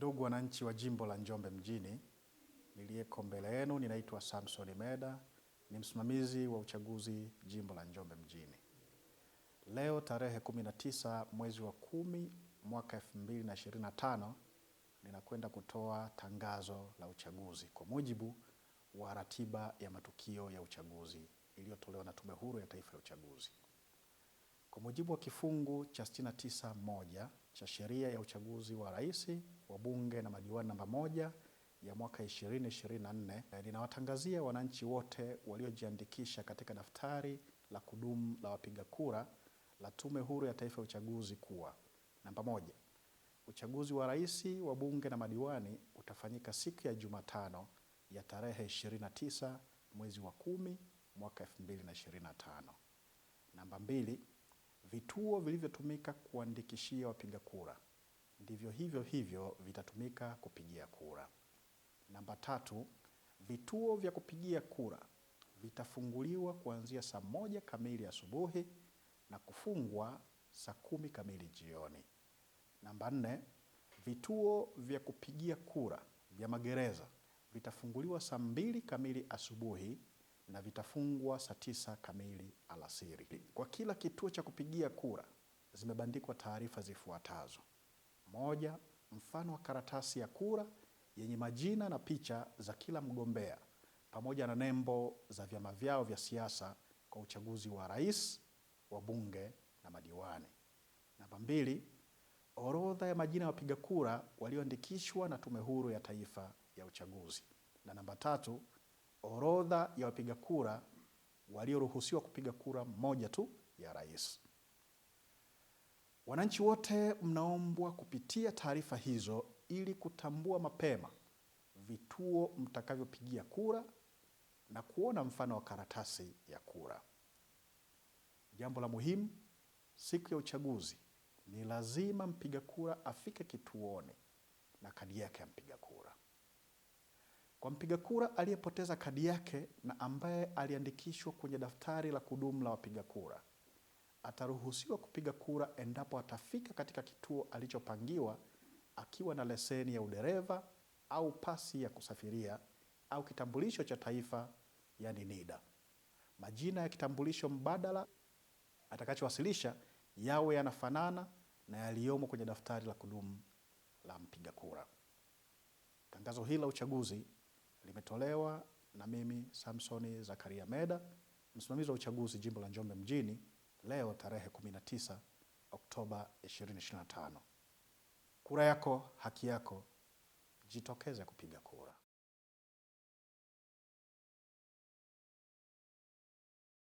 Ndugu wananchi wa jimbo la Njombe mjini, niliyeko mbele yenu, ninaitwa Samson Meda, ni msimamizi wa uchaguzi jimbo la Njombe mjini. Leo tarehe 19 mwezi wa kumi mwaka 2025 ninakwenda kutoa tangazo la uchaguzi kwa mujibu wa ratiba ya matukio ya uchaguzi iliyotolewa na Tume Huru ya Taifa ya Uchaguzi. Kwa mujibu wa kifungu cha 69 moja cha sheria ya uchaguzi wa rais, bunge na madiwani namba moja ya mwaka 2024 linawatangazia eh, wananchi wote waliojiandikisha katika daftari la kudumu la wapiga kura la Tume Huru ya Taifa ya Uchaguzi kuwa namba moja, uchaguzi wa rais, bunge na madiwani utafanyika siku ya Jumatano ya tarehe 29 mwezi wa kumi mwaka 2025. Namba mbili, Vituo vilivyotumika kuandikishia wapiga kura ndivyo hivyo hivyo vitatumika kupigia kura. Namba tatu, vituo vya kupigia kura vitafunguliwa kuanzia saa moja kamili asubuhi na kufungwa saa kumi kamili jioni. Namba nne, vituo vya kupigia kura vya magereza vitafunguliwa saa mbili kamili asubuhi na vitafungwa saa tisa kamili alasiri. Kwa kila kituo cha kupigia kura zimebandikwa taarifa zifuatazo: moja, mfano wa karatasi ya kura yenye majina na picha za kila mgombea pamoja na nembo za vyama vyao vya siasa kwa uchaguzi wa rais, wabunge na madiwani. Namba mbili, orodha ya majina ya wapiga kura walioandikishwa na Tume Huru ya Taifa ya Uchaguzi. Na namba tatu orodha ya wapiga kura walioruhusiwa kupiga kura moja tu ya rais. Wananchi wote mnaombwa kupitia taarifa hizo ili kutambua mapema vituo mtakavyopigia kura na kuona mfano wa karatasi ya kura. Jambo la muhimu siku ya uchaguzi ni lazima mpiga kura afike kituoni na kadi yake ya mpiga kura. Kwa mpiga kura aliyepoteza kadi yake na ambaye aliandikishwa kwenye daftari la kudumu la wapiga kura ataruhusiwa kupiga kura endapo atafika katika kituo alichopangiwa akiwa na leseni ya udereva au pasi ya kusafiria au kitambulisho cha taifa yani NIDA. Majina ya kitambulisho mbadala atakachowasilisha yawe yanafanana na yaliyomo kwenye daftari la kudumu la mpiga kura. Tangazo hili la uchaguzi limetolewa na mimi Samsoni Zakaria Meda, msimamizi wa uchaguzi jimbo la Njombe mjini, leo tarehe 19 Oktoba 2025. Kura yako haki yako, jitokeze kupiga kura.